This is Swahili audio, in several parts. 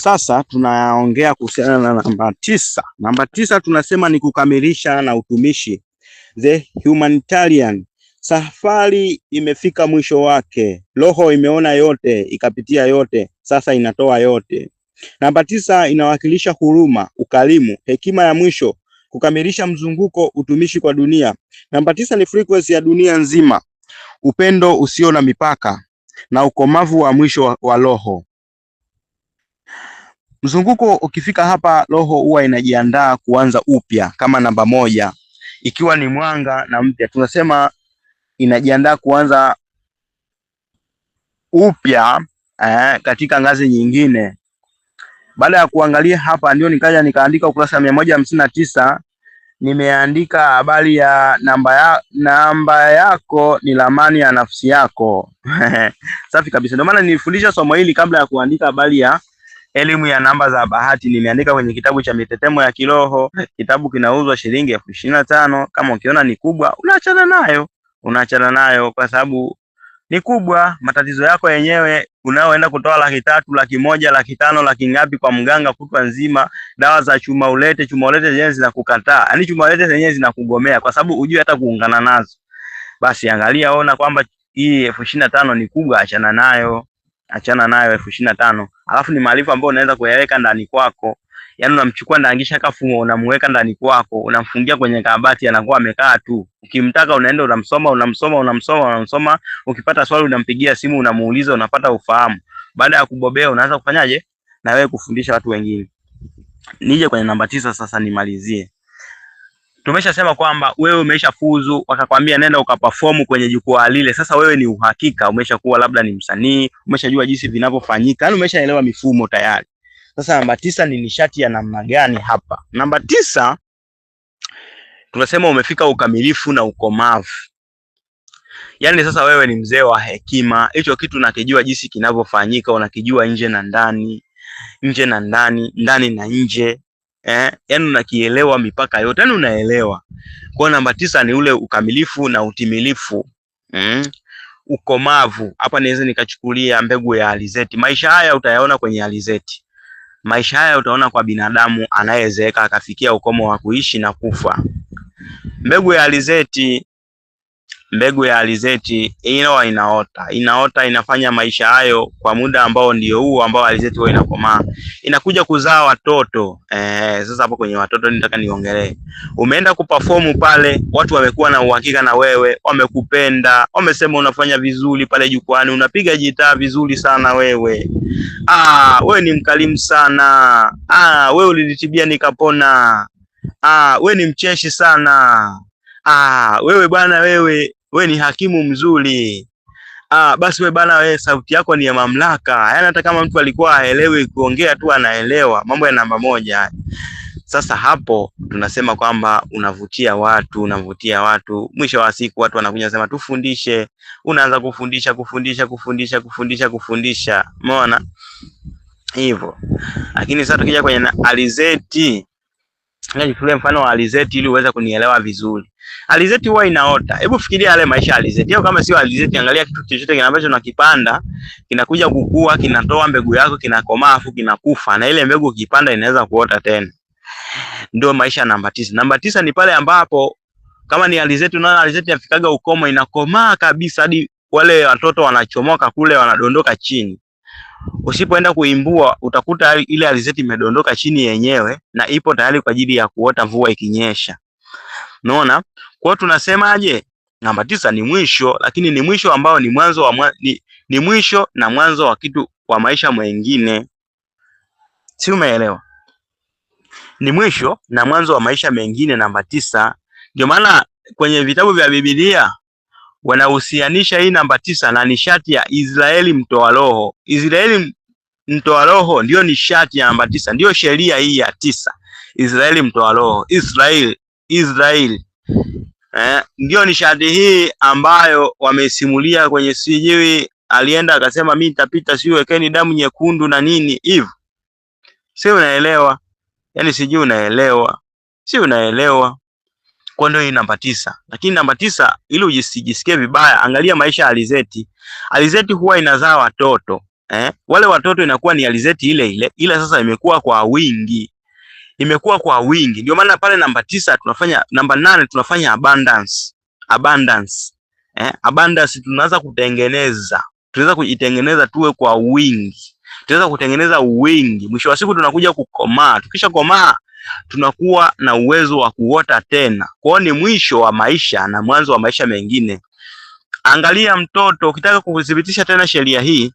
Sasa tunaongea kuhusiana na namba tisa. Namba tisa tunasema ni kukamilisha na utumishi, the humanitarian. Safari imefika mwisho wake, roho imeona yote, ikapitia yote, sasa inatoa yote. Namba tisa inawakilisha huruma, ukarimu, hekima ya mwisho, kukamilisha mzunguko, utumishi kwa dunia. Namba tisa ni frequency ya dunia nzima, upendo usio na mipaka na ukomavu wa mwisho wa roho. Mzunguko ukifika hapa, roho huwa inajiandaa kuanza upya kama namba moja, ikiwa ni mwanga na mpya. Tunasema inajiandaa kuanza upya eh, katika ngazi nyingine. Baada ya kuangalia hapa, ndio nikaja nikaandika ukurasa mia moja hamsini na tisa nimeandika habari ya namba ya namba yako ni ramani ya nafsi yako. Safi kabisa, ndio maana nilifundisha somo hili kabla ya kuandika habari ya Elimu ya namba za bahati nimeandika kwenye kitabu cha Mitetemo ya Kiroho. Kitabu kinauzwa shilingi elfu ishirini na tano. Kama ukiona ni kubwa, unaachana nayo, unaachana nayo kwa sababu ni kubwa. Matatizo yako yenyewe unaoenda kutoa laki tatu, laki moja, laki tano, laki ngapi kwa mganga kutwa nzima, dawa za chuma ulete, chuma ulete zenyewe zinakukataa, yani chuma ulete zenyewe zinakugomea kwa sababu hujui hata kuungana nazo. Basi angalia, ona kwamba hii elfu ishirini na tano ni kubwa, achana nayo achana nayo elfu ishirini na tano. Alafu ni maarifa ambayo unaweza kuyaweka ndani kwako, yaani unamchukua ndangisha kafu unamweka ndani kwako, unamfungia kwenye kabati, anakuwa amekaa tu. Ukimtaka unaenda unamsoma, unamsoma, unamsoma, unamsoma. Ukipata swali unampigia simu, unamuuliza, unapata ufahamu. Baada ya kubobea, unaanza kufanyaje na wewe kufundisha watu wengine. Nije kwenye namba tisa sasa nimalizie tumeshasema kwamba wewe umeshafuzu, wakakwambia nenda ukaperform kwenye jukwaa lile. Sasa wewe ni uhakika umeshakuwa labda ni msanii, umeshajua jinsi vinavyofanyika, yani umeshaelewa mifumo tayari. Sasa namba tisa ni nishati ya namna gani? Hapa namba tisa tunasema umefika ukamilifu na ukomavu. yani sasa wewe ni mzee wa hekima, hicho kitu unakijua jinsi kinavyofanyika, unakijua nje na ndani, nje na ndani, ndani na nje eh, yani unakielewa mipaka yote, yani unaelewa. Kwa namba tisa ni ule ukamilifu na utimilifu mm, ukomavu. Hapa niweze nikachukulia mbegu ya alizeti. Maisha haya utayaona kwenye alizeti, maisha haya utaona kwa binadamu anayezeeka akafikia ukomo wa kuishi na kufa. Mbegu ya alizeti mbegu ya alizeti ino inaota, inaota inafanya maisha hayo kwa muda ambao ndio huo ambao alizeti huwa inakomaa, inakuja kuzaa watoto eh. Sasa hapo kwenye watoto nitaka niongelee, umeenda kuperform pale, watu wamekuwa na uhakika na wewe, wamekupenda, wamesema unafanya vizuri pale jukwani, unapiga gitaa vizuri sana wewe, ah, wewe ni mkalimu sana ah, wewe ulinitibia nikapona, ah, wewe ni mcheshi sana Ah, wewe bwana wewe we ni hakimu mzuri. Ah, basi we bana, we sauti yako ni ya mamlaka. Yaani hata kama mtu alikuwa haelewi kuongea tu anaelewa. Mambo ya namba moja. Sasa hapo tunasema kwamba unavutia watu, unavutia watu. Mwisho wa siku watu wanakuja sema tufundishe. Unaanza kufundisha, kufundisha, kufundisha, kufundisha, kufundisha. Umeona? Hivyo. Lakini sasa tukija kwenye alizeti, ngoja yaani tuchukulie mfano wa alizeti ili uweze kunielewa vizuri. Alizeti huwa inaota. Hebu fikiria yale maisha alizeti. au kama sio alizeti, angalia kitu chochote ambacho nakipanda, kinakuja kukua, kinatoa mbegu yako, kinakomaa afu kinakufa. Na ile mbegu ukipanda inaweza kuota tena. Ndio maisha namba tisa. Namba tisa ni pale ambapo kama ni alizeti, unaona alizeti afikaga ukomo, inakomaa kabisa hadi wale watoto wanachomoka kule, wanadondoka chini. Usipoenda kuimbua utakuta ile alizeti imedondoka chini yenyewe na ipo tayari kwa ajili ya kuota mvua ikinyesha. Unaona? Kwa hiyo tunasemaje? Namba tisa ni mwisho, lakini ni mwisho ambao ni mwanzo wa mwa, ni, ni mwisho na mwanzo wa kitu kwa maisha mengine. Si umeelewa? Ni mwisho na mwanzo wa maisha mengine, namba tisa. Ndio maana kwenye vitabu vya Biblia wanahusianisha hii namba tisa na nishati ya Israeli mtoa roho. Israeli mtoa roho ndio nishati ya namba tisa, ndio sheria hii ya tisa. Israeli mtoa roho, Israeli, Israeli eh, ndio nishati hii ambayo wamesimulia kwenye sijui, alienda akasema mimi nitapita, sijui wekeni damu nyekundu na nini hivyo, si unaelewa? Yani sijui unaelewa, si unaelewa? Kwa ndio hii namba tisa. Lakini namba tisa, ili usijisikie vibaya, angalia maisha ya alizeti. Alizeti huwa inazaa watoto eh, wale watoto inakuwa ni alizeti ile ile, ila sasa imekuwa kwa wingi imekuwa kwa wingi. Ndio maana pale namba tisa tunafanya namba nane tunafanya abundance, abundance eh, abundance tunaanza kutengeneza, tunaweza kujitengeneza tuwe kwa wingi, tunaweza kutengeneza wingi. Mwisho wa siku tunakuja kukomaa, tukisha komaa tunakuwa na uwezo wa kuota tena. Kwao ni mwisho wa maisha na mwanzo wa maisha mengine. Angalia mtoto, ukitaka kuthibitisha tena sheria hii,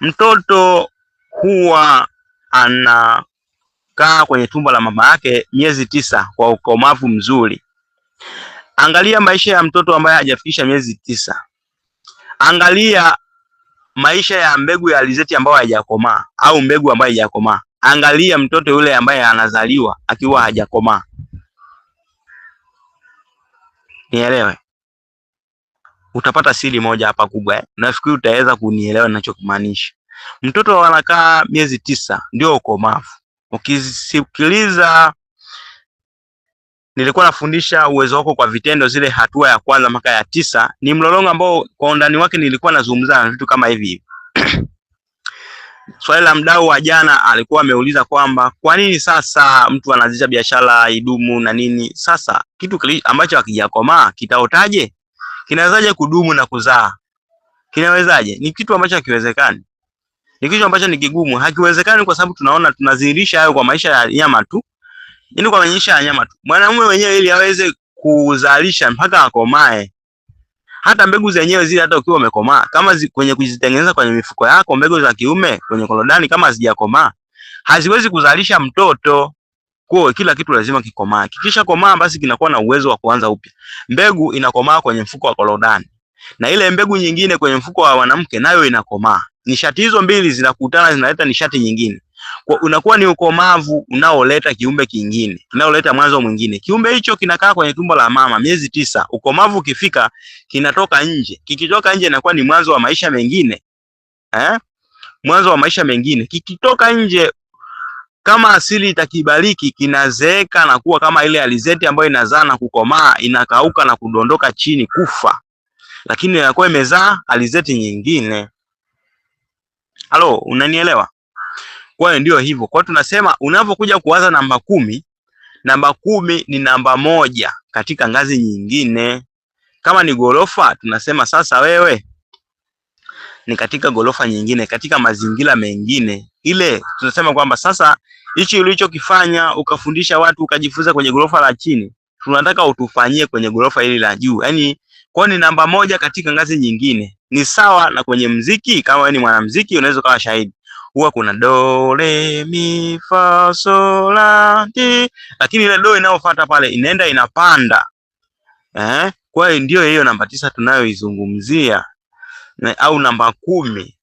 mtoto huwa ana kukaa kwenye tumbo la mama yake miezi tisa kwa ukomavu mzuri. Angalia maisha ya mtoto ambaye hajafikisha miezi tisa. Angalia maisha ya mbegu ya alizeti ambayo haijakomaa au mbegu ambayo haijakomaa. Angalia mtoto yule ambaye anazaliwa akiwa hajakomaa. Nielewe, utapata siri moja hapa kubwa eh. Nafikiri utaweza kunielewa ninachokimaanisha. Mtoto anakaa miezi tisa ndio ukomavu. Ukisikiliza, nilikuwa nafundisha uwezo wako kwa vitendo, zile hatua ya kwanza mpaka ya tisa. Ni mlolongo ambao kwa undani wake nilikuwa nazungumza na vitu kama hivi. Swali la mdau wa jana alikuwa ameuliza kwamba kwa nini sasa mtu anaanzisha biashara idumu na nini? Sasa kitu ambacho hakijakomaa kitaotaje? Kinawezaje kudumu na kuzaa? Kinawezaje? Ni kitu ambacho hakiwezekani ni kitu ambacho ni kigumu, hakiwezekani, kwa sababu tunaona tunadhihirisha hayo kwa maisha ya nyama tu, yani kwa maisha ya nyama tu. Mwanamume mwenyewe ili aweze kuzalisha mpaka akomae, hata mbegu zenyewe zile, hata ukiwa umekomaa, kama zi, kwenye kuzitengeneza kwenye mifuko yako, mbegu za kiume kwenye korodani, kama hazijakomaa haziwezi kuzalisha mtoto. Kwa kila kitu lazima kikomaa, kikisha komaa basi kinakuwa na uwezo wa kuanza upya. Mbegu inakomaa kwenye mfuko wa korodani na ile mbegu nyingine kwenye mfuko wa mwanamke nayo inakomaa. Nishati hizo mbili zinakutana, zinaleta nishati nyingine. Kwa unakuwa ni ukomavu unaoleta kiumbe kingine, unaoleta mwanzo mwingine. Kiumbe hicho kinakaa kwenye tumbo la mama miezi tisa. Ukomavu ukifika, kinatoka nje. Kikitoka nje, inakuwa ni mwanzo wa maisha mengine eh, mwanzo wa maisha mengine. Kikitoka nje kama asili itakibariki, kinazeeka na kuwa kama ile alizeti ambayo inazaa na kukomaa, inakauka na kudondoka chini kufa lakini ilikuwa imezaa alizeti nyingine. Halo, unanielewa? Kwa hiyo ndio hivyo. Kwa hiyo tunasema unapokuja kuwaza namba kumi, namba kumi ni namba moja katika ngazi nyingine. Kama ni gorofa, tunasema sasa wewe ni katika gorofa nyingine, katika mazingira mengine. Ile tunasema kwamba sasa hichi ulichokifanya ukafundisha watu ukajifunza kwenye gorofa la chini, tunataka utufanyie kwenye gorofa hili la juu. Yaani kwa ni namba moja katika ngazi nyingine. Ni sawa na kwenye mziki, kama wewe ni mwanamziki unaweza ukawa shahidi, huwa kuna do re mi fa sol la ti, lakini ile do inayofuata pale inaenda inapanda eh. Kwa hiyo ndio hiyo namba tisa tunayoizungumzia na, au namba kumi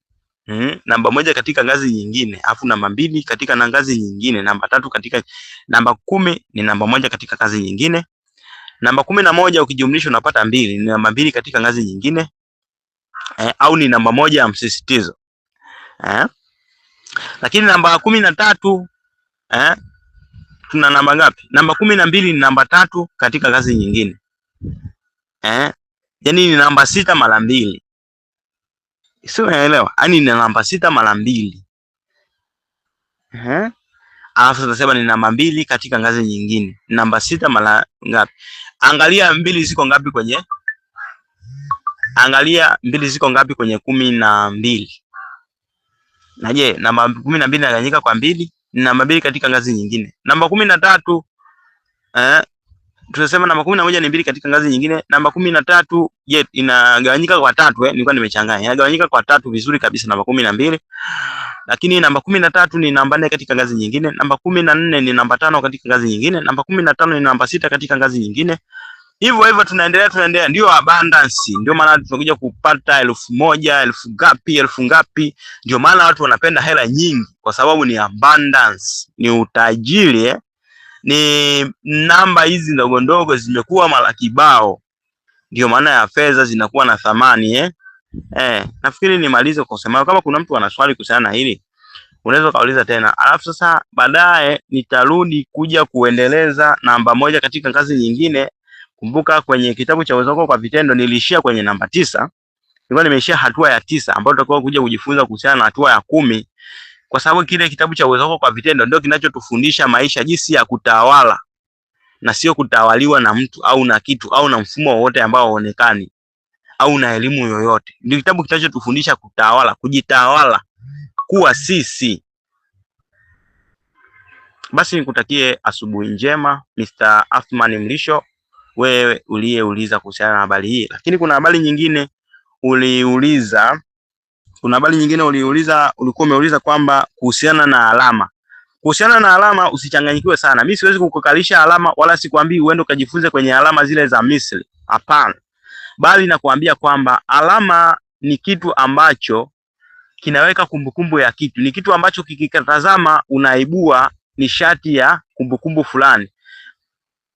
hmm. Namba moja katika ngazi nyingine, afu namba mbili katika na ngazi nyingine, namba tatu katika namba kumi ni namba moja katika ngazi nyingine Namba kumi na moja ukijumlisha unapata mbili, ni namba mbili katika ngazi nyingine eh, au ni namba moja ya msisitizo eh. Lakini namba kumi na tatu eh, tuna namba ngapi? Namba kumi na mbili ni namba tatu katika ngazi nyingine eh, yani ni namba sita mara mbili, sio? Unaelewa? Yani ni namba sita mara mbili eh. Alafu tunasema ni namba mbili katika ngazi nyingine, namba sita mara ngapi? Angalia mbili ziko ngapi kwenye, angalia mbili ziko ngapi kwenye kumi na mbili na je, namba kumi na mbili inagawanyika kwa mbili? Ni namba mbili katika ngazi nyingine. Namba kumi na tatu eh, tunasema namba kumi na moja ni mbili katika ngazi nyingine. Namba kumi na tatu inagawanyika kwa tatu eh? Nilikuwa nimechanganya, inagawanyika kwa tatu vizuri kabisa, namba kumi na mbili. Lakini namba kumi na tatu ni namba nne katika ngazi nyingine. Namba kumi na nne ni namba tano katika ngazi nyingine. Namba kumi na tano ni namba sita katika ngazi nyingine, hivyo hivyo tunaendelea, tunaendelea. Ndio abundance, ndio maana tunakuja kupata elfu moja elfu ngapi, elfu ngapi. Ndio maana watu wanapenda hela nyingi, kwa sababu ni abundance, ni utajiri eh? ni namba hizi ndogo ndogo zimekuwa mara kibao, ndio maana ya fedha zinakuwa na thamani eh? Eh, nafikiri nimalize kwa kusema kama kuna mtu ana swali kuhusiana na hili unaweza kauliza tena, alafu sasa baadaye nitarudi kuja kuendeleza namba moja katika ngazi nyingine. Kumbuka kwenye kitabu cha Uwezo Wako kwa Vitendo niliishia kwenye namba tisa, nilikuwa nimeishia hatua ya tisa ambayo tutakuwa kuja kujifunza kuhusiana na hatua ya kumi kwa sababu kile kitabu cha Uwezo Wako kwa Vitendo ndio kinachotufundisha maisha, jinsi ya kutawala na sio kutawaliwa na mtu au na kitu au na mfumo wowote ambao haonekani au na elimu yoyote. Ndio kitabu kinachotufundisha kutawala, kujitawala, kuwa sisi. Basi nikutakie asubuhi njema, Mr. Athman Mrisho, wewe uliyeuliza kuhusiana na habari hii. Lakini kuna habari nyingine uliuliza kuna habari nyingine uliuliza, ulikuwa umeuliza kwamba kuhusiana na alama. Kuhusiana na alama usichanganyikiwe sana. Mimi siwezi kukukalisha alama wala sikwambii uende ukajifunze kwenye alama zile za Misri. Hapana. Bali nakwambia kwamba alama ni kitu ambacho kinaweka kumbukumbu ya kitu. Ni kitu ambacho kikikatazama unaibua nishati ya kumbukumbu fulani.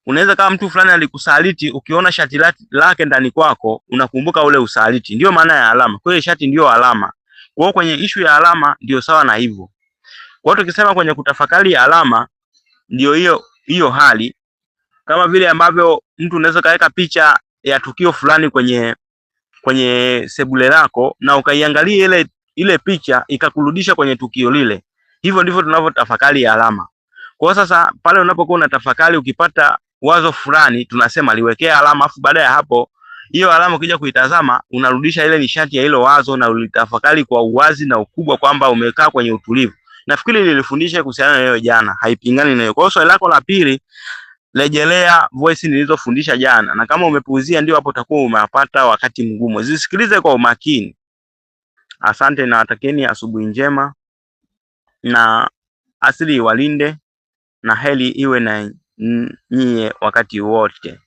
Unaweza kama mtu fulani alikusaliti, ukiona shati lake ndani kwako unakumbuka ule usaliti. Ndio maana ya alama. Kwa hiyo shati ndio alama. Kwa hiyo kwenye ishu ya alama ndio sawa na hivyo. Kwa hiyo tukisema kwenye kutafakari alama ndio hiyo hiyo hali, kama vile ambavyo mtu unaweza kaweka picha ya tukio fulani kwenye kwenye sebule lako na ukaiangalia ile ile picha ikakurudisha kwenye tukio lile. Hivyo ndivyo tunavyotafakari alama. Kwa sasa pale unapokuwa unatafakari ukipata wazo fulani tunasema liwekea alama, afu baada ya hapo hiyo alama ukija kuitazama unarudisha ile nishati ya hilo wazo na ulitafakari kwa uwazi na ukubwa kwamba umekaa kwenye utulivu. Nafikiri nilifundisha kuhusiana na hiyo jana, haipingani nayo. Kwa hiyo swali lako la pili, rejelea voice nilizofundisha jana, na kama umepuuzia, ndio hapo utakuwa umepata wakati mgumu. Zisikilize kwa umakini. Asante na watakieni asubuhi njema, na asili iwalinde na heli iwe na nyie wakati wote.